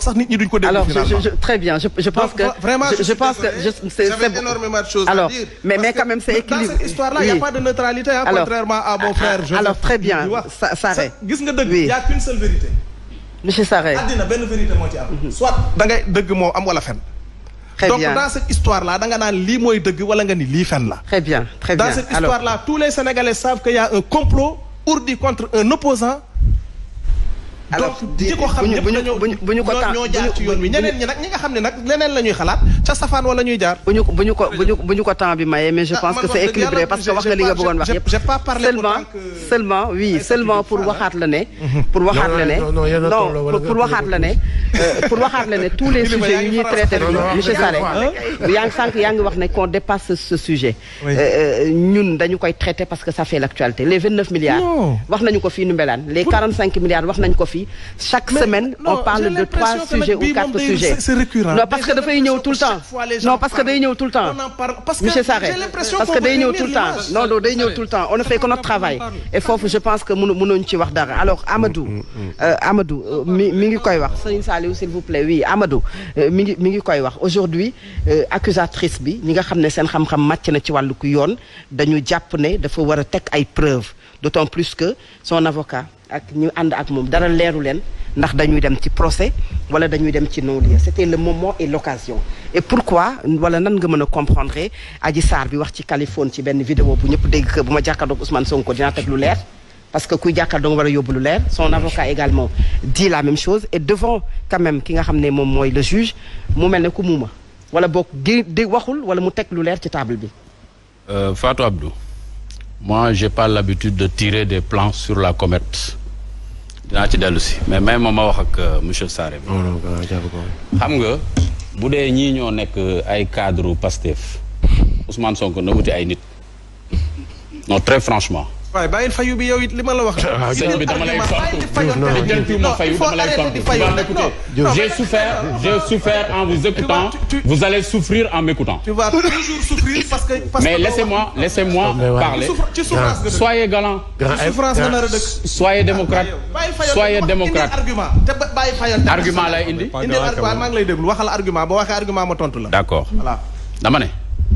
wax sax nit ñi duñ ko déglu. finalement alors je, je, très bien je, je pense Donc, que. vraiment je pense que j'avais énormément de choses à dire. mais mais quand même c'est équilibré. dans cette histoire-là y a pas de neutralité hein, contrairement à mon frère. Joseph ah, alors très bien sa Saré. gis nga dëgg y a qu'une seule vérité. monsieur Saré àddina benn vérité moo ci am. Mhm. soit da ngay dëgg moo am wala fen. Très donc bien. dans cette histoire là da nga naan lii mooy dëgg wala nga ni lii fen la. très bien très bien dans cette histoire là tous les Sénégalais savent qu'il y a un complot ourdi contre un opposant alors di ko xam ñëpp dañoo bu ñu ko leneen la ñu bu ñu ko bu ñu ko temps bi maye mais je ah, pense que c'est équilibré parce que wax nga li nga wax yëpp seulement pour waxaat la ne euh, pour waxaat la ne non tous les sujets yu ñuy traité bi monsieur Sare yaa euh, euh, milliards wax nañu ko fii nu mbelaan les quarante cinq milliards wax nañu ko fii fii chaque mais semaine non, on parle de trois sujets ou quatre sujets c'est parce que dafay ñëw tout le temps non parce que day ñëw tout le temps monsieur ngi koy wax Serigne Saliou s'il vous euh, ngi koy wax aujourd'hui euh, accusatrice bi ñi nga xam ne seen xam-xam màcc na ci wàllu ku yoon dañu jàpp ne dafa war a ay preuves d'autant plus que son avocat ak ñu ànd ak moom dara leeru leen ndax dañuy dem ci procès wala dañuy dem ci non-lieu c'était le moment et l'occasion et pourquoi wala nan nga mën a comprendre Adji Sarr bi wax ci Californie ci benn vidéo bu ñëpp dégg que bu ma jàkkaarloog Ousmane Sonko dinaa teg lu leer parce que kuy jàkkaar doo nga war a yóbbu lu leer son avocat également dit la même chose et devant quand même ki nga xam ne moom mooy le juge mu mel ne ku muuma wala boog di waxul wala mu teg lu leer ci table bi euh, Fatou Abdou moi j'ai pas l'habitude de tirer des plans sur la comète dinaa ci dellusi si mais moom a ma wax ak euh, monsieur Sarr xam nga bu dee ñii ñoo nekk euh, ay cadre Pastef Ousmane Sonko na wuti ay nit non très franchement waaye bàyyil fayu bi yow it li ma la wax. waaw sëñ bi dama lay fayu non non non j'ai souffert j'ai souffert en vous écoutant vous allez souffrir en m'écoutant. tu vas toujours souffrir parce que. mais laissez-moi laissez-moi parler. soyez galant. soyez démocrate. soyez démocrate. argument lay indi. indi argument maa ngi lay déglu waxal argument boo waxee argument ma tontu la. d'accord dama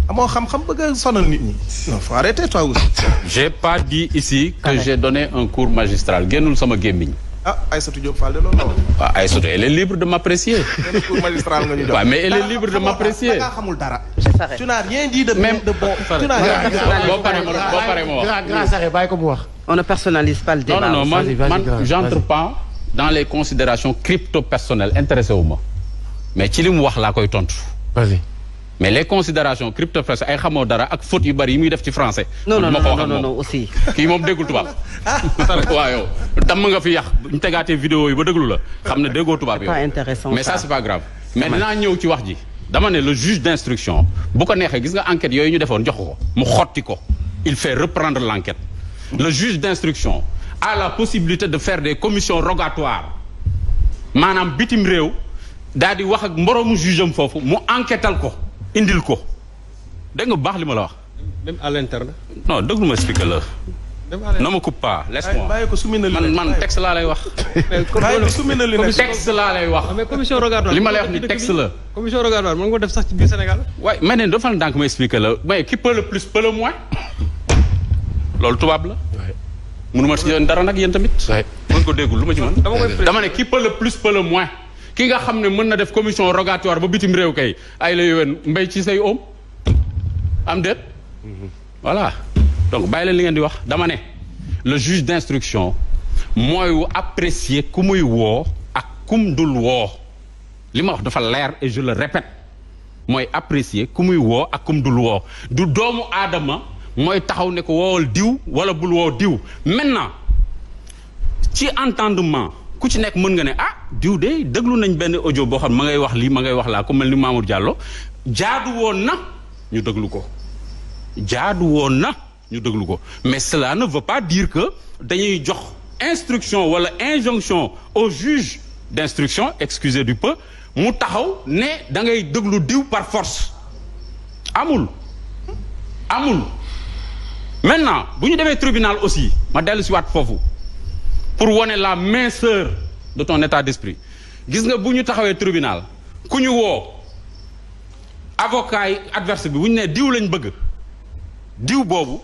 amoo xam-xam a sonal nit ñi. non faut arrêter toi aussi. j'ai pas dit ici que j'ai donné un cours magistral génul sama gémmiñ. ah Aïssatou Diop Fall de loolu la woon. waaw ah, Aïssatou est libre de m'apprécier. benn mais elle est ah, libre de m'apprécier. da nga xamul dara. tu n'as rien dit de même de bon. Ah, tu n'as rien dit ma boo paree ma wax. grand grand Sarré bàyyi ko mu wax. on ne personnalise pas le débat. les considérations crypto personnelles intéressé wu ma mais ci li mu wax laa koy tontu. vas-y. mais les considérations crypto presse ay xamoo dara ak faute yu bari yi muy def ci français. non non non non aussi kii moom déggul tubaab. waaw yow damm nga fi yàq ñu tegaatee vidéo yi ba déglu la xam ne déggoo tubaab yow. mais ça c'est pas grave. mais dinaa ñëw ci wax ji. dama ne le juge d'instruction bu ko neexee gis nga enquête yooyu ñu defoon jox mu xotti ko il fait reprendre l'enquête le juge d'instruction a la possibilité de faire des commissions rogatoires maanaam bitim réew daal di wax ak mboroomu jugeam foofu mu enquêtal ko. indil ko dégg nga baax li ma la wax. dem à l'interne. non déglu ma expliquer la. dem à l'interne ne me coupe pas laisse-moi. bàyyi man man texte laa lay wax. bàyyi ko sumina li texte laa wax. mais commission rogatoire li ma lay wax ni texte la. commission rogatoire mën nga ko def sax ci biir Sénégal. waaye mais nee na dafa ndànk ma expliquer la mais qui peut le plus peut le moins. loolu tubaab la. mënuma dara nag yéen tamit. waay mën ko déggul lu ma ci mën. dama ne qui peut plus peut le moins. ki nga xam ne mën na def commission rogatoire ba bitim réew kay ay la yowén mbay ci say oom am déet voilà donc bàyyi leen li ngeen di wax dama ne le juge d'instruction mooy apprécier ku muy woo ak kum dul woo li ma wax dafa leer et je le répète mooy apprécier ku muy woo ak kum dul woo du doomu aadama mooy taxaw ne ko woowal diw wala bul woo diw maintenant ci entendement ku ci nekk mën nga ne ah diw de déglu nañ benn audio boo xam ma ngay wax lii ma ngay wax laa ku mel ni Mamour Diallo jaadu woon na ñu déglu ko jaadu woon na ñu déglu ko mais cela ne veut pas dire que dañuy jox instruction wala injonction au juge d'instruction excusez du peu mu taxaw ne da ngay déglu diw par force amul amul maintenant bu ñu demee tribunal aussi ma dellu si waat foofu pour wane la minceur de ton état d'esprit gis nga bu ñu taxawee tribunal ku ñu woo avocat yi adverse bi bu ñu nee diw lañu bëgg diw boobu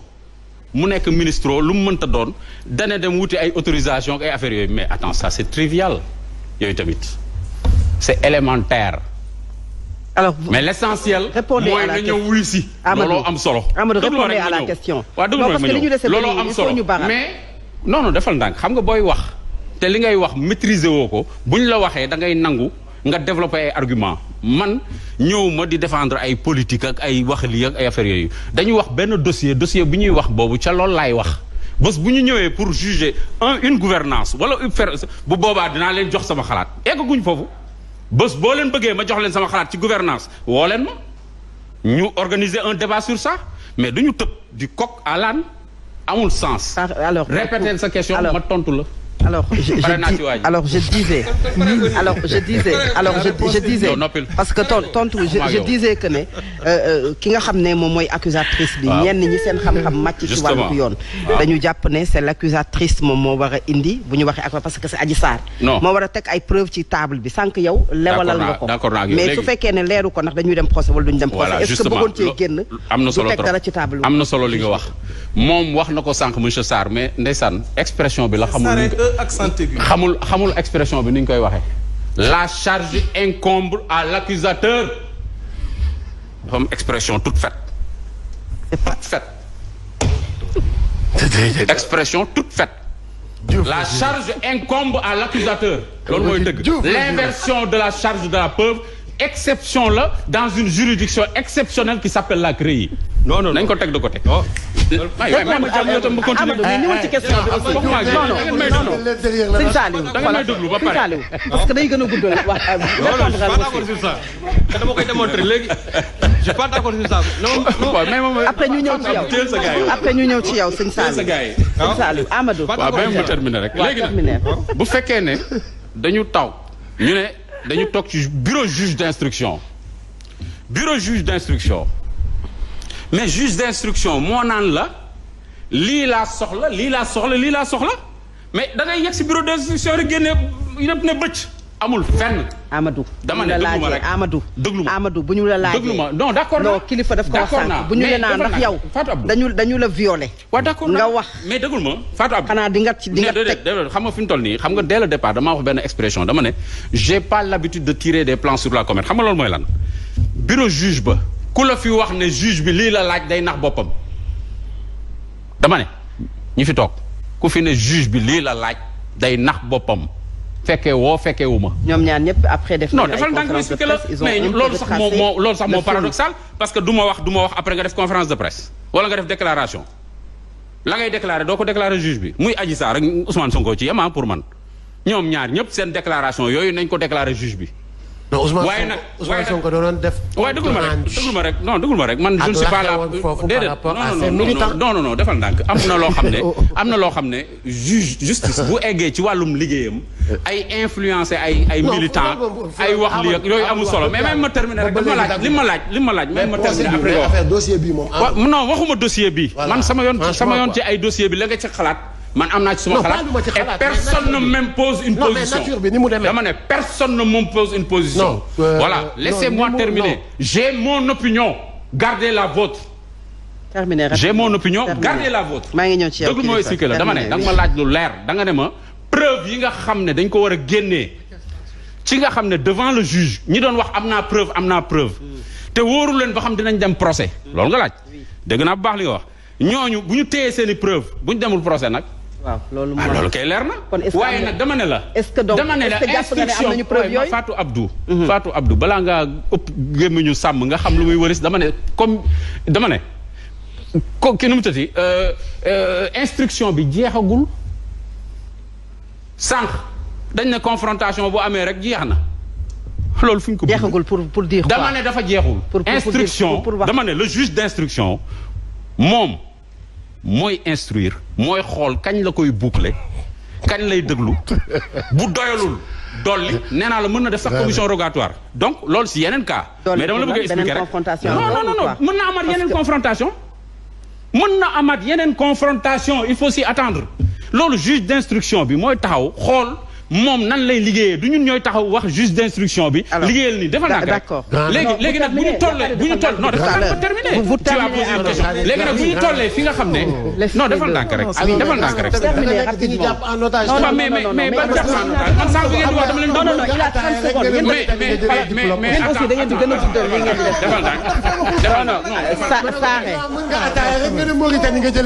mu nekk ministre lu mu mënta doon dana dem wuti ay autorisation ak ay affaires yooyu mais attends ça c'est trivial yooyu tamit c'est élémentaire. alors mais l'essentiel. mooy nga ñëw wuyu si. looloo am solo. Amadou répondez à la question. waaw déglu ma ñu ñëw looloo am solo mais non non defal ndànk xam nga booy wax. te li ngay wax maîtriser woo ko bu ñu la waxee da ngay nangu nga développer ay argument man ñëw ma di défendre ay politique ak ay wax ak ay affaire yooyu dañuy wax benn dossier dossier bu ñuy wax boobu ca loolu laay wax bës bu ñu ñëwee pour juger un une gouvernance wala faire bu boobaa dinaa leen jox sama xalaat eggaguñ foofu bës boo leen bëggee ma jox leen sama xalaat ci gouvernance woo leen ma ñu organiser un débat sur ça mais dañu tëb di kok à l'âne amul sens. alors répéter sa question ma tontu la. alors je, je alors je disais alors parce que ton tontu je, je disais que ne euh, euh, ki nga xam ne moom mooy accusatrice bi ñenn ñi seen xam-xam màcc ci wàllu yoon dañu jàpp ne c'est l'accusatrice moom moo war indi bu ñu waxee ak parce que c'est Adji Sarr moo war a teg ay preuve ci table bi sànq yow lewalal nga ko mais su fekkee ne leeru ko ndax dañuy dem procès wala duñu dem procès est-ce que bëggoon génn am na solo teg li nga wax moom wax na ko sànq monsieur saar mais ndeysaan expression bi la xamul accent aigu xamul xamul expression bi ni ñu koy waxee la charge incombe à l'accusateur dafa am expression toute faite toute faite expression toute faite la charge incombe à l'accusateur mooy l'inversion de la charge de la preuve exception la dans une juridiction exceptionnelle qui s'appelle la CREI. non non nañ ko teg de côté. non oh. aywa man ma continué ci question bi aussi non non sëñ Saliou da nga may déglu ba pare parce que day gën a gudd rek wax. dama koy démontrer léegi je suis pas d'accord sur ça. après ñu ñëw ci yow après ñu ñëw ci yow sëñ Saliou. sëñ Saliou Amadou. waaw ba mu terminé rek léegi nag bu fekkee ne dañu taw ñu ne. dañu toog ci bureau juge d'instruction bureau juge d'instruction mais juge d'instruction moo naan la lii laa soxla lii laa soxla lii laa soxla mais da ngay si bureau d'instruction rek génne yëpp ne bëcc amul fenn. Amadou dama ne déglu ma rek Amadou. Amadou bu ñu la laajee. déglu ma kilifa def ko wax sànq bu ñu la naan ndax yow. Fatou dañu dañu la violé. nga wax mais déglu ma Fatou Abdou. xanaa di nga ci teg xam nga fi mu toll nii xam nga dès le départ damaa wax benn expression dama ne j'ai pas l'habitude de tirer des plans sur la comète xam mooy lan. bureau juge ba ku la fi wax ne juge bi lii la laaj day nax boppam dama ne ñi fi toog ku fi ne juge bi lii la laaj day nax boppam fekkee woo fekkee ma. ñoom ñaar ñëpp après def nañu ay conférence de presse ils ont mais loolu sax moo moo loolu sax moo paradoxal parce que du ma wax du ma wax après nga def conférence de presse wala nga def déclaration la ngay déclarer doo ko déclarer juge bi muy aji Sarr ak Ousmane Sonko ci yem ah pour man ñoom ñaar ñëpp seen déclaration yooyu nañ ko déclarer juge bi. non waaye nag Ousmane Sonko doon def. waaye dëggul ma rek dëggul ma rek non dëggul ma rek man. je ne suis pas là déedéet non non defal ndànk am na loo xam ne am na loo xam ne juge justice bu eggee ci wàllum liggéeyam ay influencé ay ay militant ay wax li ak yooyu amul solo mais même ma terminer rek ma li ma laaj li ma laaj même ma terminer après. dossier bi moom non waxuma dossier bi. man sama yoon sama yoon ci ay dossier bi la nga ci xalaat. man am naa ci suma xalaat et personne ne m'impose une position dama ne personne ne m'impose une position euh, voilà laissez-moi terminer j'ai mon opinion gardez la vôtre terminé j'ai mon opinion gardez la vôtre maa ngi ñëw ci yow déglu ma expliqué la dama ne da nga ma laaj lu leer danga nga ne ma preuve yi nga xam ne dañ ko war a génnee ci nga xam ne devant le juge ñi doon wax am naa preuve am naa preuve hmm. te wooru leen ba xam dinañ dem procès hmm. loolu nga laaj dégg naa bu baax li nga wax ñooñu bu ñu téyee seen i preuve bu ñu demul procès nag waaw loolu ah, mooy loolu kay kon est-ce que waaye nag dama ne la. est-ce que donc est-ce que jàpp nga ne am nañu preuve yooyu mhm. Abdou. balaa ngaa ëpp gémmiñu sàmm nga xam lu muy wëris dama ne comme dama ne ko ki nu mu tëti euh, euh, instruction bi jeexagul sànq dañ ne confrontation bu amee rek jeex na. loolu fu ñu ko jeexagul pour pour dire dama ne dafa jeexul. instruction dama ne le juge d'instruction moom. mooy instruire mooy xool kañ la koy boucler kañ lay déglu bu doyalul dolli nee naa la mën na def sax commission rogatoire donc loolu si yeneen cas. mais dama la bëgg a expliquer rek non non non mën na amaat yeneen confrontation. mën na amat yeneen confrontation il faut si attendre loolu juge d'instruction bi mooy taxaw xool. moom nan lay liggéeyee du ñun ñooy taxaw wax juge d'instruction bi. liggéeyal ni defal naa d'accord léegi léegi nag bu ñu tollee bu ñu toll non dafa ko terminé. vous terminez léegi nag bu ñu tollee fi nga xam ne. non defal naa ko rek defal naa ko rek. non mais mais mais ban jàpp en otage man sànq bi ngeen di wax dama leen. non non non il a 30 secondes. mais mais mais mais attends aussi da ngeen di gën a guddal li ngeen di def. defal naa defal naa non. saare.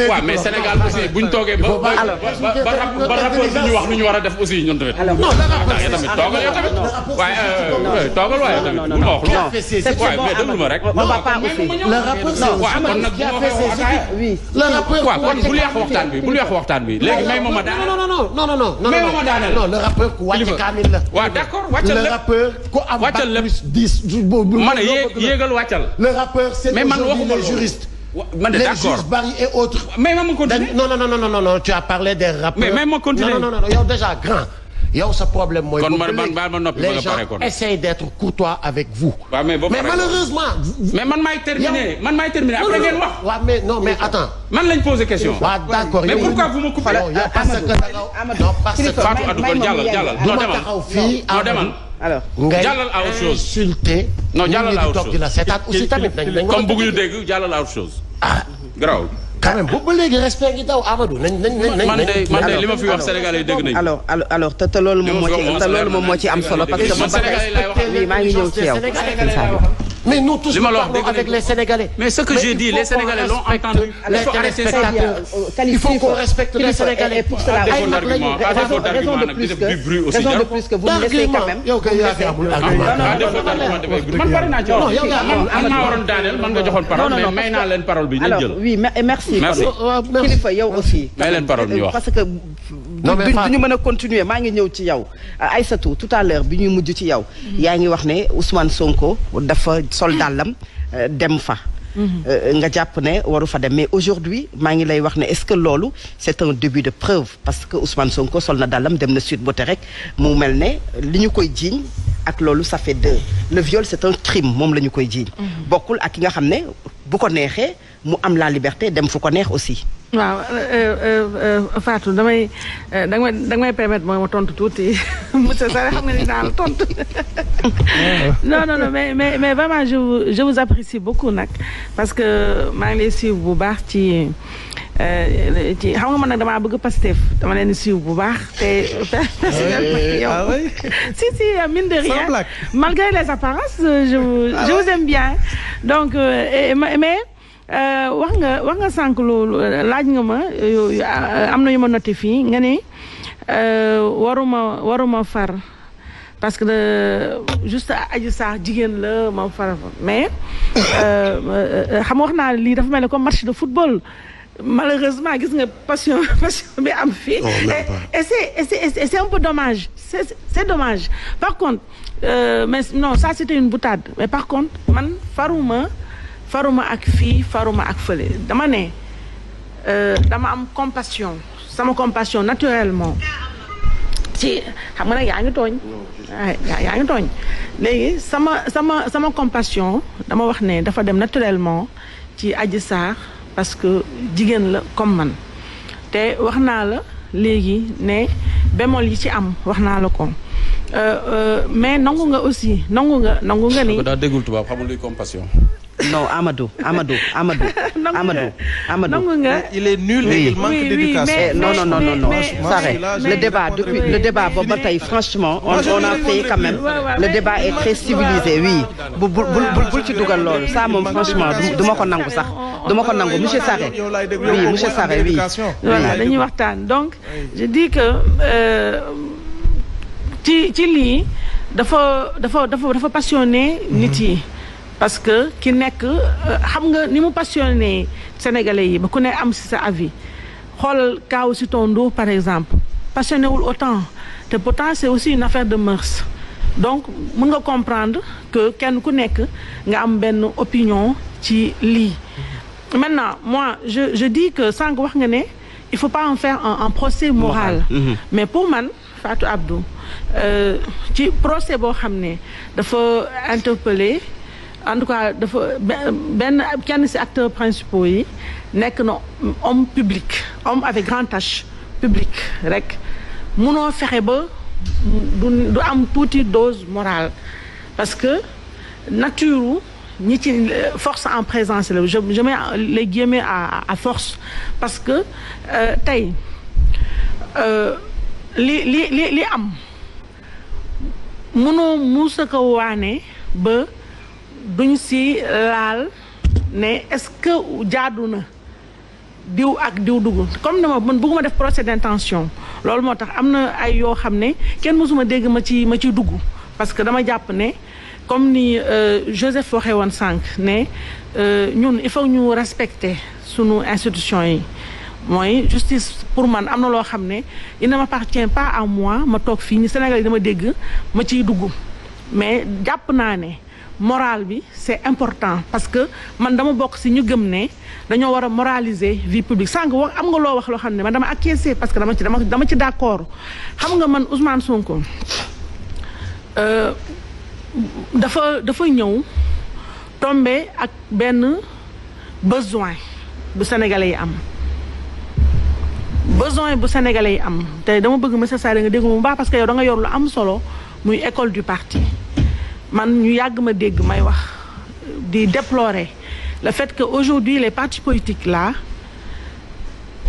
waaw mais Sénégal aussi bu ñu toogee ba ba ba rapport bi ñu wax lu ñu war a def aussi ñun tamit non yow tamit toogal yow tamit waaye toogal waaye tamit bu ma wax loolu waaye mais déglu ma rek waaw kon nag waaw kon bul yàq waxtaan bi bul yàq waxtaan bi léegi may ma ma daaneel non non non non may ma ma daaneel non le rappeur ku wàcc kaamil la waaw d'accord wàccal le rappeur ku am wàccal lépp dix man a yéegal wàccal le rappeur c'est aujourd'hui les juristes man de d'accord les Barry et autres mais ma ma continuer non non non non non tu as parlé des rappeurs mais ma continuer non non non yow déjà grand yow sa problème mooy. kon man baal ma noppi les gens essayent d'être courtois avec vous. mais malheureusement. mais man maay terminer man maay terminer après ngeen wax. waaw mais non mais attends. man lañ posé question. waaw d'accord mais pourquoi vous me coupez la. Amadou Amadou parce que Fatou Adou kon jàllal jàllal. non demal taxaw fii Amadou. alors jàllal à autre chose ngay insulté. non jàllal à autre chose nit ñi di toog di la seetaat aussi tamit. nañ nañ comme bëgguñu dégg jàllal à autre chose. ah garaaw. quand même boobu ba léegi respect gi daw Amadou nañ nañ nañ. man de man de li ma fi wax sénégalais yi dégg nañu. loolu moo ci te moom moo ci am solo. parce que ba pare lii maa ngi ñëw ci yow. ma nous tous nous parlons avec les Sénégalais. mais ce que je dis les Sénégalais l'ont entendu. bi ñu jël. a continuer maa ngi ñëw ci yow. Aïssatou tout à l'heure bi mujj ci yow. yaa ngi wax ne Ousmane Sonko dafa sol dàllam euh, dem fa mhm. euh, nga jàpp ne waru fa dem mais aujourd'hui maa ngi lay wax ne est-ce que loolu c'est un début de preuve parce que Ousmane Sonko sol na dàllam dem na Sweet Beauté rek mu mel ne li ñu koy jiiñ ak loolu ça fait le viol c'est un crime moom la koy jiiñ mhm. bokkul ak ki nga xam ne bu ko neexee mu am la liberté dem fu ko neex aussi waaw euh, euh, euh, Fatou damay danga may may permettre mooy ma tontu tuuti monsieur xam nga ni naa la tontu non non mais mais mais vraiment je vous je vous apprécie beaucoup nag parce que maa ngi lay suivre bu baax ci ci xam nga man nag damaa bëgg Pastef dama leen di suivre bu baax te personnellement ah yow ah si si mine de rien malgré les apparences je vous ah aime bien donc mais. Euh, wax nga wax nga sànq laaj nga ma am na yu ma noté fii nga ne euh, waruma waruma far parce que juste aju sax jigéen la ma far mais euh, xam wax naa lii dafa mel ne comme marché de football malheureusement gis nga passion passion bi am fii oh, et c'est et un peu dommage c'est c'est dommage par contre mais non ça c'était une boutade mais par contre man faruma faruma ak fii faruma ak fële dama ne euh, dama am compassion sama compassion naturellement ci xam nga nag yaa ngi tooñ yaa ngi tooñ léegi sama sama sama compassion dama wax ne dafa dem naturellement ci Adji Sarr parce que jigéen la comme man te wax naa la léegi ne bémol yi ci am wax naa la ko euh, euh, mais nangu nga aussi nangu nga nangu nga ni. daa déggul tubaab xamul luy compassion. non Amadou Amadou Amadou. Amadou Amadou il est nul et il manque d'éducation. Eh, non non non non Saré le débat depuis le débat boobu ba tey franchement on on a fait quand même le débat est très civilisé oui bu bu bul ci dugal loolu ça moom franchement du ma ko nangu sax oh, oh, du ma ko oh, nangu monsieur Saré oui monsieur Saré oui. voilà dañuy waxtaan donc je dis que euh, ci ci lii dafa dafa dafa dafa passionné nit yi. parce que ki nekk euh, xam nga ni mu passionné sénégalais yi ba ku ne am si sa avis xoolal kaaw si tondo par exemple passionné wul autant te pourtant c'est aussi une affaire de mars donc mën nga comprendre que kenn ku nekk nga am benn opinion ci lii maintenant moi je je dis que sànq wax nga ne il faut pas en faire un, un procès moral mhm. mais pour man Fatou Abdou euh, ci procès boo xam ne dafa interpeller en tout cas dafa benn kenn si acteurs principaux yi nekk na homme public homme avec grand H public rek munoo fexe ba du am tuuti dose morale parce que nature ñi ci force en présence la je je mets les à à force parce que euh, tey euh, li li li li am munoo muusa ko waane ba. duñ si laal ne est-ce que jaadu na diw ak diw dugg comme dama man bëgguma def procès d'intention loolu moo tax am na ay yoo xam ne kenn mësuma dégg ma ci ma ciy dugg parce que dama jàpp ne comme ni euh, Joseph waxee woon sànq ne euh, ñun il faut ñu respecter sunu institution yi mooy justice pour man am na loo xam ne il ne m'appartient pas à moi ma toog fii ñu Sénégal yi dama dégg ma ciy dugg mais jàpp naa ne morale bi c'est important parce que man dama bokk ci ñu gëm ne dañoo war a moraliser vie publique sànq wax am nga loo wax loo xam ne man dama acquiescer parce que dama ci dama dama ci d'accord xam nga man Ousmane Sonko euh, dafa dafa ñëw tombe ak benn besoin bu sénégalais yi am besoin bu sénégalais yi am te dama bëgg monsieur Sall nga dégg mu baax parce que yow da nga yor lu am solo muy école du parti man ñu yàgg ma dégg may wax di déplorer le fait que aujourd'hui les partis politique là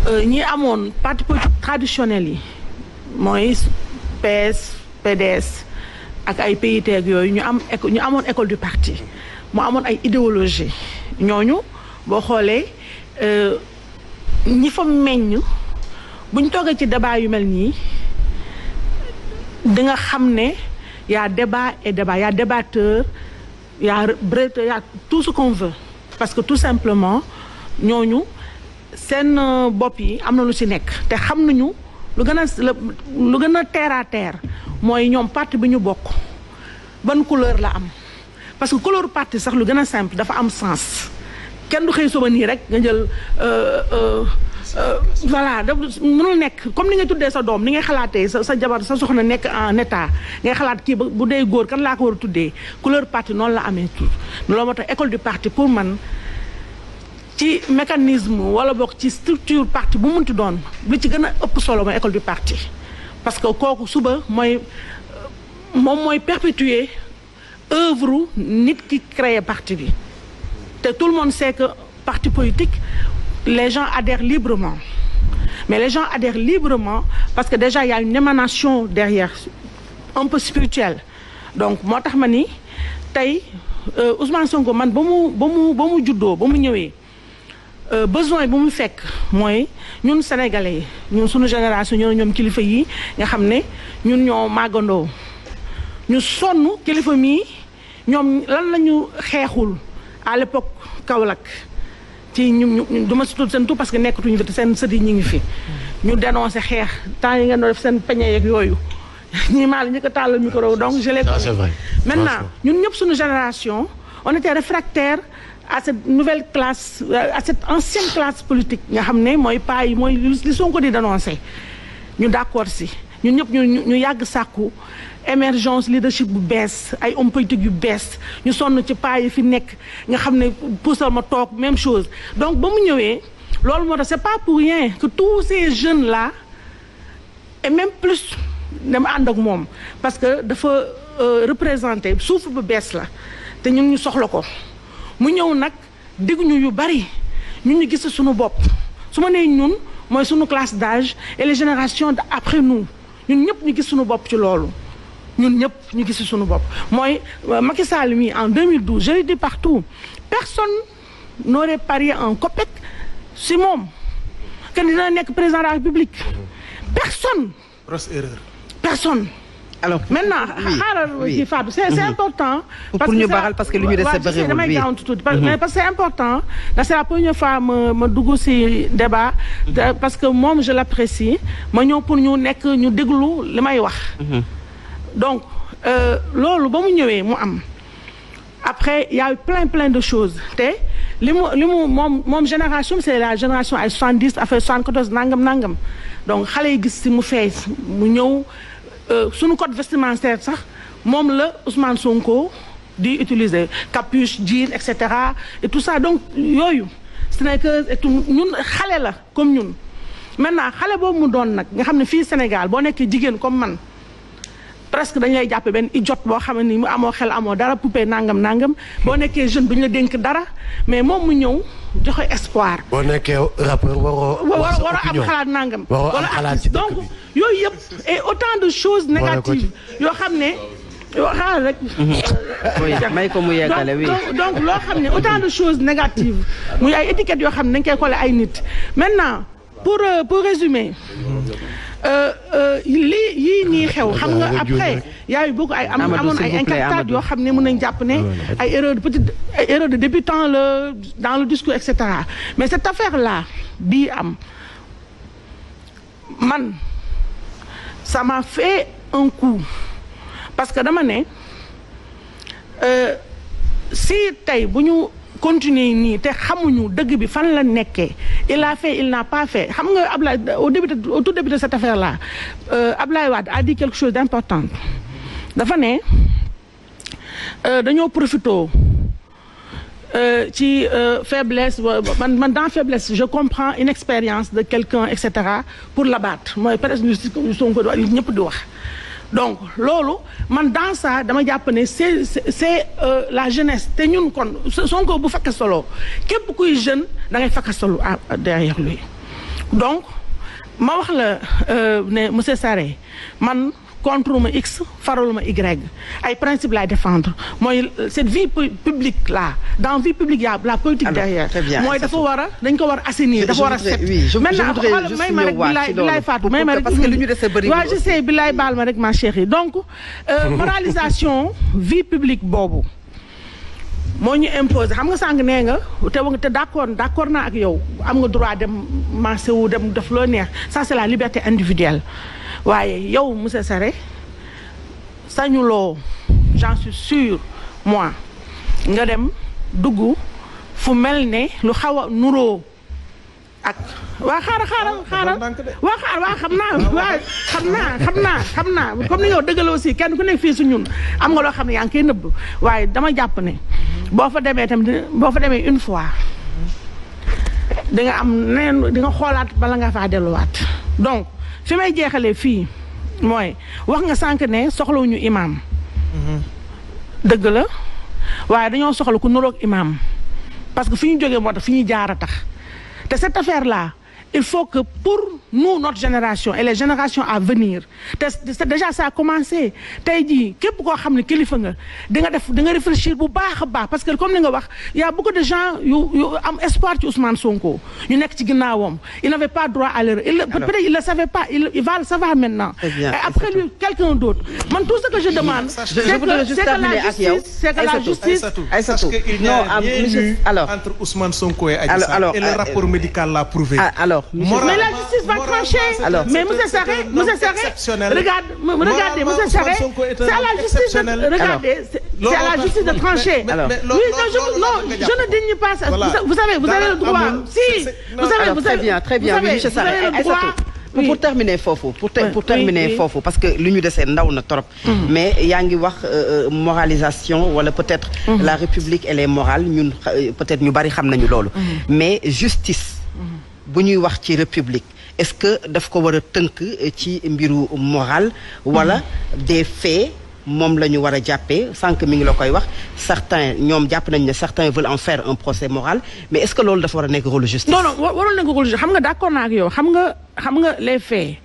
euh, ñi amoon parti politique traditionnels yi mooy PS PDS ak ay PIT ak yooyu ñu am ñu amoon école du parti mu amoon ay idéologie ñooñu boo xoolee euh, ñi fa meññ buñ toogee ci débat yu mel nii danga xam ne y a débat et débat y a débatteur y a tout ce qu'on parce que tout simplement ñooñu seen euh, bopp yi am na lu si nekk te xam nañu lu gën a lu gën a terre à mooy ñoom parti bi ñu bokk ban couleur la am parce que couleur parti sax lu gën a simple dafa am sens kenn du xëy suba nii rek nga jël. Euh, euh, Euh, voilà da mënul nekk comme li nga tuddee sa doom li ngay xalaatee sa jabar sa soxna nekk en état ngay xalaat kii bu dee góor kan laa ko war a tuddee couleur parti noonu la amee tur loolu moo tax école du parti pour man ci mécanisme wala boog ci structure parti bu mënti doon li ci gën a ëpp solo mooy école du parti parce que kooku suba mooy moom mooy perpétuer œuvre nit ki créer parti bi te tout le monde sait que parti politique les gens adhèrent librement. Mais les gens adhèrent librement parce que déjà, il y a une émanation derrière, un peu spirituelle. Donc, moo tax ma ni tey euh, Ousmane Sonko man ba mu ba mu ba juddoo ba mu ñëwee euh, besoin bu mu fekk mooy ñun sénégalais yi ñun suñu génération ñoo ñoom kilifa yi nga xam ne ñun ñoo màggandoo ñu sonn kilifa mii ñoom lan lañu xeexul à l'époque Kaolack ci ñu ñu du ma si tudd seen tout parce que nekkatuñu fi seen sët yi ñu ngi fi. ñu dénoncé xeex temps yi ngeen doon def seen peñe yeeg yooyu ñii maa ñu ko tàllal micro donc je l'ai maintenant ñun ñëpp suñu génération on était réfractaire à cette nouvelle classe à cette ancienne classe politique nga xam ne mooy paa yi mooy li ko di dénoncé ñu d'accord si. ñun ñëpp ñu ñu yàgg sàkku émergence leadership bu bees ay homme politique yu bees ñu sonn ci paa yi fi nekk nga xam ne puusal ma toog même chose donc ba mu ñëwee loolu moo tax c'est pas pour rien que tous ces jeunes là et même plus dama ànd ak moom parce que dafa euh, représenté suuf bu bees la te ñu ñu soxla ko mu ñëw nag dégguñu yu bari ñu ñu gis suñu bopp su ma nee ñun mooy suñu classe d'âge et les générations d'après nous ñun ñëpp ñu gis suñu bopp ci loolu ñun ñëpp ñu gis suñu bopp mooy euh, Macky Sall mi en 2012 je l'ai dit partout personne n'aurait pari en copec si moom que dina nekk président de la République mm-hmm. personne. personne. alors maintenant xaaral ci Fatou c'est mhm. important. pour ñu baaxal parce que li ñu dese bëriwul damay gaaw tuuti mhm. mais parce que c'est important. ndax c'est la première fois ma ma dugg ci débat. parce que moom je l'apprécie ma ñëw pour ñu nekk ñu déglu li may wax. Mhm. donc euh, loolu ba mu ñëwee mu am. après y a eu plein plein de choses te li mu li mu moom moom génération c'est la génération ay soixante-dix affaire soixante-quatorze nangam nangam donc xale yi gis ci mu fees mu ñëw. Euh, suñu code vestimentaire sax moom la Ousmane Sonko di utiliser capuche jean et cetera et tout ça donc yooyu sneakers et tout ñun xale la comme ñun. maintenant xale boobu mu doon nag nga xam ne fii Sénégal boo nekkee jigéen comme man presque dañ lay jàppe benn jot boo xam ni mu amoo xel amoo dara poupée nangam nangam boo nekkee jeune duñu la dénk dara mais moom mu ñëw joxe espoir. boo nekkee rappeur waroo. am xalaat nangam waroo am xalaat donc. yooyu yëpp et autant de choses négatives yoo xam ne yoo xaaral rek. may ko mu yeggale oui donc loo xam ne autant de choses négatives muy ay étiquettes yoo xam ne dañ koy coller ay nit maintenant pour euh, résumé euh, euh, li lii yii nii xew xam nga après yaayu beaucoup ay am amoon ay incartades yoo xam ne mën nañ jàpp ne ay erreur de petit ay erreur de débutant la dans le discours et mais cette affaire là bii am man ça m'a fait un coup parce que dama ne euh, si tey bu ñu continuer nii te xamuñu dëgg bi fan la nekkee il a fait il n'a pas fait xam nga Ablaye au début au tout début de cette affaire là euh, Ablaye Wade a dit quelque chose d'important dafa ne euh, dañoo profitoo Euh, ci euh, faiblesse man man dans faiblesse je comprends une expérience de quelqu'un et cetera pour l'abattre mooy peut-être son Sonko di wax ñëpp di wax donc loolu man dans ça dama jàpp ne c'est c'est euh, la jeunesse te ñun kon Sonko bu fakk fakkasaloo képp kuy jeune da ngay fakkasalu ah, derrière lui donc ma wax la ne monsieur Saré man contre ma x faralu ma y ay principe lay défendre mooy euh, cette vie publique là dans vie publique y a la politique derrière mooy dafa war a dañ ko war a assainir dafa war a set maintenant xool may ma rek bilaay bilaay Fatou may ma rek waaw je sais baal ma rek ma chérie donc euh, moralisation vie publique boobu moo ñu imposé xam nga sànq nee nga te te d'accord d'accord naa ak yow am nga droit dem marché wu dem def loo neex ça c'est la liberté individuelle waaye yow monsieur Sare sañuloo j'en suis sûr moi nga dem dugg fu mel ne lu xaw a nuroo ak waa xaaral xaaral ah, xaaral waa xaar waa xam naa waa xam naa xam naa xam naa comme ni nga dëggal aussi kenn ku nekk fii su ñun am nga loo xam ne yaa ngi koy nëb waaye dama jàpp ne boo fa demee tamit boo fa demee une fois danga am neen danga xoolaat bala nga faa delluwaat donc fi may jeexalee fii mooy wax nga sànq ne soxlawuñu imaam. Mhm. dëgg la waaye dañoo soxla ku nuroog imaam parce que fi ñu jógee moo tax fi ñuy jaar a tax te cette affaire là. il faut que pour nous notre génération et les générations à venir déjà ça a commencé tey jii képp koo xam ne kilifa nga da nga def da bu baax a baax parce que comme ni nga wax y a beaucoup de gens yu yu am espoir ci Ousmane Sonko ñu nekk ci ginnaawam il n'avait pas droit à l'erreur il peut-être il le savait pas il va le savoir maintenant et après lui quelqu'un d'autre man tout ce que je demande c'est que la justice c'est que la justice parce qu'il n'y a rien eu entre Ousmane Sonko et Adji Sarr et le euh, alors mais la justice va trancher. mais monsieur Sarré monsieur Sarré regarde regardez monsieur Sarré c'est à la justice de regardez trancher. oui non je ne digne pas vous savez vous avez le droit si. vous savez vous très bien très pour terminer foofu pour te, pour foofu parce que lu ñu desee ndaw na trop mm. mais yaa ngi wax euh, euh moralisation wala peut-être mm -hmm. la république elle est morale euh, peut-être ñu bari xam nañu loolu mm. mais justice bu ñuy wax ci république est-ce que daf ko war a tënk euh, ci mbiru moral wala des faits moom la ñu war a jàppee sànq mi ngi la koy wax certains ñoom jàpp nañ ne certains veulent en faire un procès moral mais est-ce que loolu dafa war a nekk rôle justice non non warul nekk rôle justice xam nga d'accord naa ak yow xam nga xam nga les faits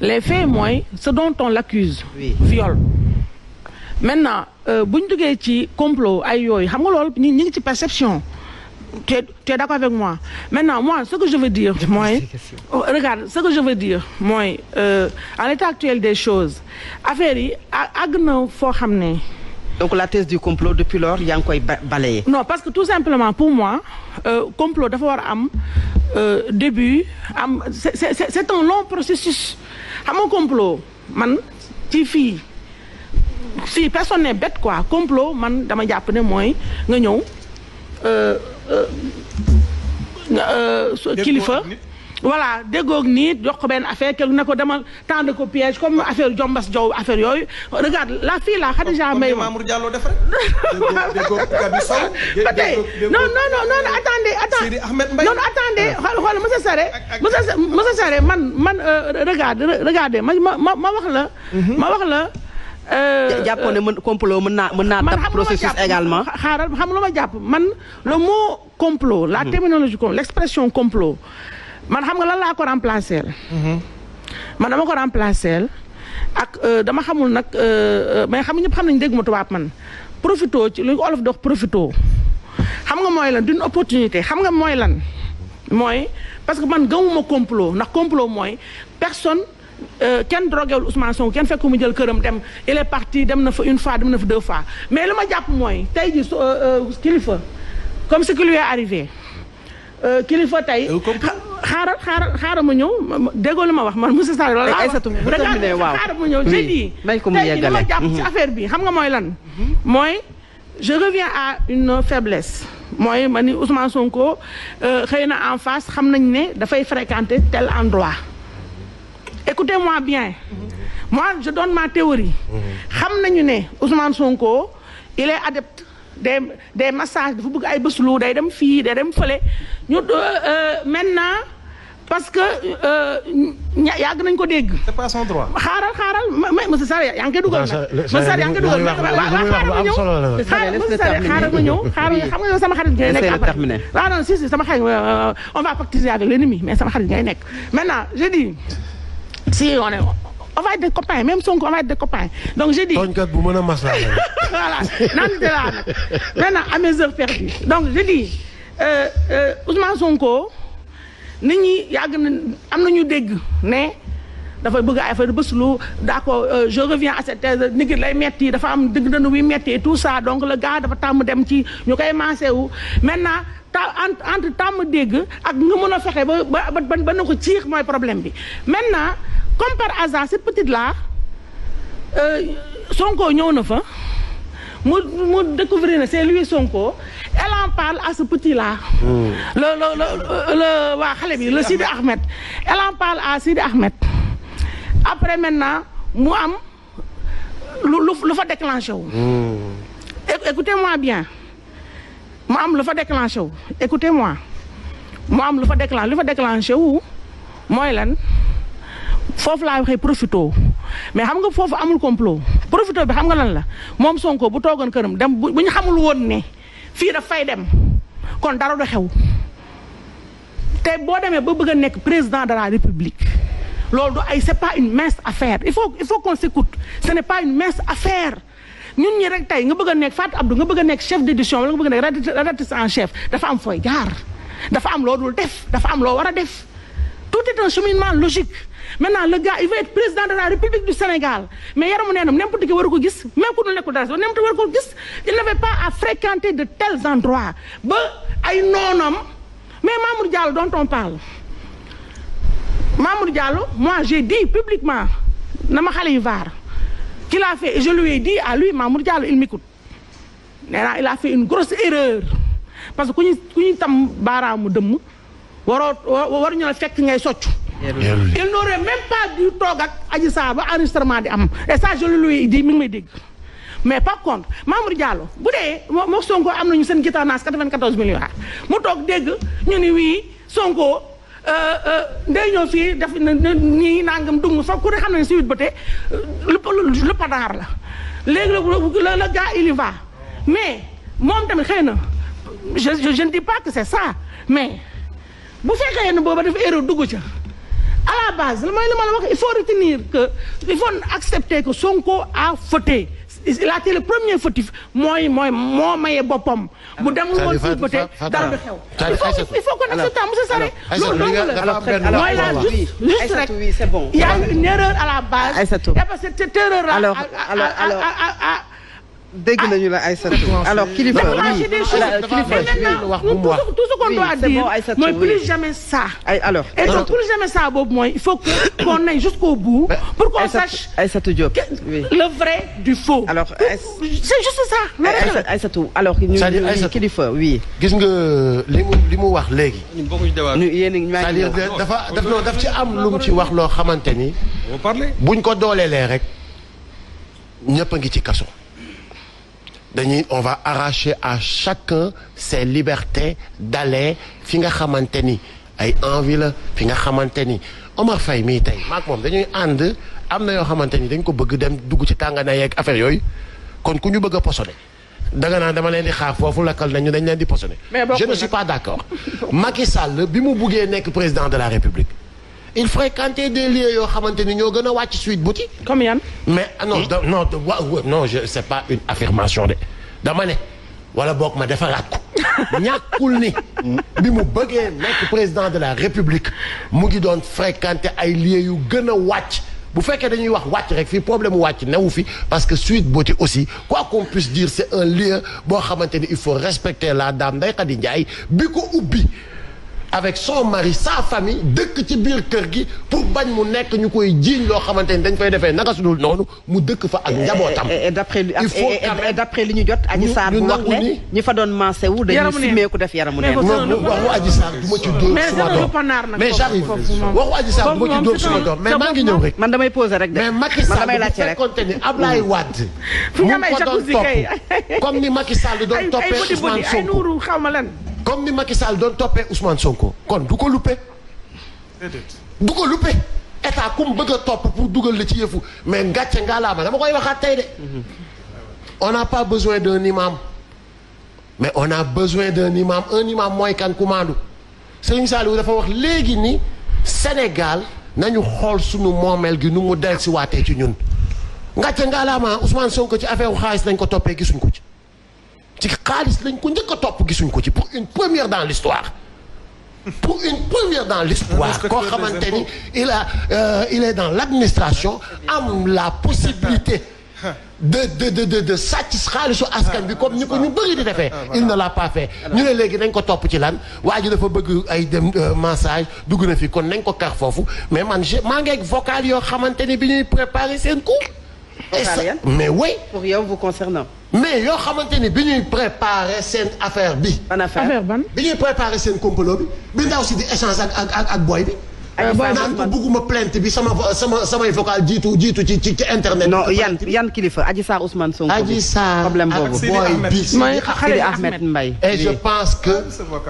les faits mooy sa dont on l'accuse oui. viol maintenant euh, bu ñu duggee ci complot ay yooyu xam nga loolu ñi ngi ci perception tu es, tu es d'accord avec moi maintenant moi ce que je veux dire moi oh, ce que je veux dire moi euh, en l'état actuel des choses affaire yi àgg na foo xam ne donc la thèse du complot depuis lors yaa ngi koy balayer non parce que tout simplement pour moi euh, complot dafa war am euh, début am c'est, c'est, c'est un long processus xam nga complot man ci fii si personne n'est bête quoi complot man dama jàpp ne mooy nga ñëw euh, Euh, euh, kilifa voilà déggoog nit jox ko benn affaire kenn ne ko demal tendre ko piège comme affaire jombas jow affaire yooyu regarde la fille là Khadija Mbaye non non non non non attendez ma ma la ma wax la mhm. Euh, jàppoon ne mën euh, complot mën naa mën naa dab processus également xaaral xam lu ma jàpp man le mot complot la mhm. terminologie complot l'expression complot man xam nga lan laa ko remplacer mhm. man dama ko remplacer ak euh, dama xamul nag mais xam ñëpp xam nañ dégg ma man profito ci lu olof dox profito xam nga mooy lan d'une opportunité xam nga mooy lan mooy parce que man gëmuma complot ndax complot mooy personne Euh, kenn droguewul Ousmane Sonko kenn fekk mu jël këram dem il est parti dem na fa une fois dem na fa deux fois mais li ma jàpp mooy tey ji euh, euh, kilifa comme ce qui lui est arrivé kilifa tey. xaaral ma ñëw déggoo li ma wax man monsieur Sall loolu. ay satu bu terminé ma ñëw je dis. may ko jàpp ci mhm. affaire bi xam nga mooy lan. Mhm. mooy je reviens à une faiblesse. mooy ma ni Ousmane Sonko xëy na en face xam nañ ne dafay fréquenter tel endroit. écoutez-moi bien moi je donne ma théorie xam nañu ne Ousmane Sonko il est adepte des des massages dafa bëgg ay bëslu day dem fii day dem fële ñu euh, euh, maintenant parce que euh, ña yàgg nañu ko dégg. c'est pas son droit. xaaral xaaral ma ma monsieur Sarr yaa ngi koy dugal nag. monsieur Sarr yaa ngi koy waaw xaaral ma ma ñëw xaaral xam nga yow sama xarit ngay nekk après. waaw ah non si si sama xarit on va mais sama xarit nekk maintenant je dis. si on est on va être des copains Sonko on va être des copains donc j'ai dit. tooñkat bu mën a maslaa voilà naan de laa nag maintenant à mes heures perdues donc j'ai dit euh, euh, Ousmane Sonko nit ñi yàgg na am na ñu dégg ne. dafa bëgg ay affaire bés lu daa ko euh, je reviens à lay metti dafa am dëgg dënnu muy metti tout ça donc le gars dafa tàmm dem ci ñu koy maasee wu maintenant. entre tàmm dégg ak nga mën a fexe ba ba ba na ko ciix mooy problème bi maintenant comme par hasard cette petite là euh, Sonko ñëw na fa mu mu découvrir ne c'est lui Sonko elle en parle à ce petit là hmm. le le waa xale bi le Sidi Ahmed elle en parle à Sidi après maintenant mu am lu lu fa déclenché wu. Hmm. écoutez-moi bien mu am lu fa déclenché wu écoutez-moi mu am lu fa déclenché lu fa déclenché wu mooy lan foofu laa waxee profito mais xam nga foofu amul complot profito bi xam nga lan la moom Sonko bu toogoon këram dem bu ñu xamul woon ne fii daf fay dem kon dara du xew te boo demee ba bëgg a nekk président de la république. loolu du ay c'est pas une mince affaire il faut il faut qu'on s'écoute ce n'est pas une mince affaire ñun ñi rek tey nga bëgg a nekk Fatou Abdou nga bëgg nekk chef d'édition wala nga bëgg a nekk rédactrice en chef dafa am fooy jaar am loo dul def dafa am loo war a def tout est un cheminement logique maintenant le gars il veut être président de la République du Sénégal mais yaramu neenam n'importe qui waru ko gis même ku dul nekkul dara n'importe waru ko gis il n'avait pas ba ay noonam mais Mamour Diallo dont on Mamour Diallo moi j'ai dit publiquement na ma xale yu vaar qu'il a fait je lui ai dit à lui Mamour Diallo il m'écoute nee naa il a fait une grosse erreur parce que ku ñu tam baaraamu dëmm waroo waruñu la fekk ngay soccu il n'aurait même pas dû toog ak Adji Sarr ba enregistrement di am et ça je lui ai dit mi ngi dégg mais par contre Mamour Diallo bu dee moo Sonko am nañu seen gitaanaas 94 milliards mu toog dégg ñu ni wii Sonko ndey euh, euh, ñoo fii def na nii nangam dug sax ku ne xam ne si ba tey euh, lu padaar la léegi la la gars va mais moom tamit xëy na je je ne dis pas que c'est ça mais bu fekkee ne booba def erreur dugg ca à la base mooy li ma la wax il faut retenir que il faut accepter que Sonko a fauté il a été le mooy mooy maye boppam. mu dem woon suuf ba tey dara il faut il faut que nag ce temps la mooy la juste juste rek il a une erreur à la base. Aïssatou te te erreur. alors dégg nañu la Aïssatou alors kilifa tout ce qu'on doit dire mooy plus jamais ça alors et donc plus jamais ça boobu mooy il faut que qu'on aille jusqu'au bout pour qu'on sache Aïssatou Diop le vrai du faux alors c'est juste ça Aïssatou alors kilifa oui gis nga li mu li mu wax léegi c'est-à-dire dafa daf ci am lu mu ci wax loo xamante ni buñ ko dooleelee rek ñëpp a ngi ci kaso dañuy on va arracher à chacun ses libertés d'aller fi nga xamante ni ay envie la fi nga xamante ni Omar Faye mii tey maak moom dañuy ànd am na yoo xamante ni dañ ko bëgg dem dugg ci tàngana yeeg affaire yooyu kon ku ñu bëgg a posone danga naan dama leen di xaar foofu lakkal nañu dañ leen di posone je ne suis pas d'accord Macky Sall bi mu buggee nekk président de la République il fréquentait des lieux yoo xamante ni ñoo gën a wàcc Sweet Beauty. comme yan. mais ah non hmm? non non je c'est pas une affirmation de dama ne wala boog ma defaraat ko ñàkkul ni bi mu bëggee nekk président de la république mu ngi doon fréquenter ay lieux yu gën a wàcc. bu fekkee dañuy wax wàcc rek fii problème mu wàcc newu fi parce que Sweet Beauty aussi quoi qu'on puisse dire c'est un lieu boo xamante ni il faut respecter la dame Ndeye Khady jaay bi ko ubbi. avec son mari sa famille dëkk ci biir kër gi pour bañ mu nekk ñu koy jiiñ loo xamante ni dañ koy defee naka su dul noonu mu dëkk fa ak njabootam. il faut li ñu jot. Adji Sarr bu wax ñi fa doon mancé wu dañuy simeeku def yaramu neen. waxu Adji Sarr du ma ci dóor suma doom mais j'arrive waxu suma doom mais maa ngi ñëw rek. man damay posé rek de man damay laajte rek mais Macky Sall bu fekkoonte ni Ablaye mm. Wade. fu ñu amee jacuzzi comme ni Macky Sall doon toppee Ousmane Sonko comme ni Macky Sall doon toppee Ousmane Sonko kon du ko luppe du ko luppe état ku mu bëgg a topp pour dugal la ci yëfu mais ngàcce ngaalaama dama koy waxaat tey de mhm. on n'a pas besoin d'un imam mais on a besoin d'un imam un imam mooy kan kumaandu Serigne Saliou dafa wax léegi ni Sénégal nañu xool sunu moomeel gi nu mu del si waatee ci ñun ngàcce ngaalaama Ousmane Sonko ci affaire xaalis nañ ko toppee gisuñ ko ci ci xaalis lañ ko njëkk a topp gisuñ ko ci pour une première dans l'histoire pour une première dans l'histoire koo xamante ni il a euh, il est dans l'administration am la possibilité de de de de de sàcc xaalisu askan bi comme ni ñu defee. Ah, il ne l'a pas fait ñu ne léegi nañ ko topp ci lan waa ji dafa bëgg ay dem euh, massage dugg na fi kon nañ ko kar foofu mais man je maa ngi vocal yoo xamante ni bi ñuy préparer seen coup. vocal mais oui. pour yow mais yoo xamante ni bi ñuy préparer seen affaire bi. ban affaire ban. bi ñuy préparer seen complot bi bi ndaw si di échange ak ak ak boy bi. booy naan ko bugguma plainte bi sama sama samay vocal jiitu jiitu ci ci internet. non yan yan kilifa Adji Sarr Ousmane Sonko. Adji Sarr problème boobu booy bi mooy xale Ahmed Mbaye. et je pense que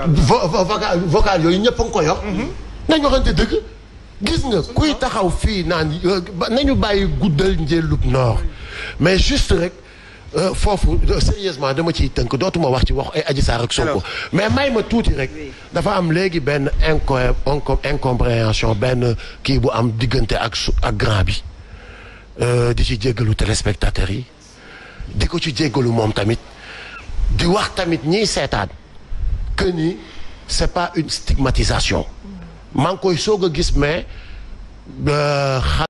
ah, vocal vocal yooyu ñëpp a ngi ko yor. nañu waxante dëgg. gis nga kuy taxaw fii naan euh, nañu bàyyi guddal njëlub noor mais juste rek. Euh, foofu euh, sérieusement dama ciy tënk dootuma wax ci wax ay Adji Sarr ak Sonko mais may ma tuuti rek dafa am léegi benn inco incompréhension benn kii bu am diggante ak su ak grand bi euh, di ci jéggalu téléspectateurs yi di ko ci jéggalu moom tamit di wax tamit ñiy seetaan que ni c'est pas une stigmatisation maa koy soog a gis mais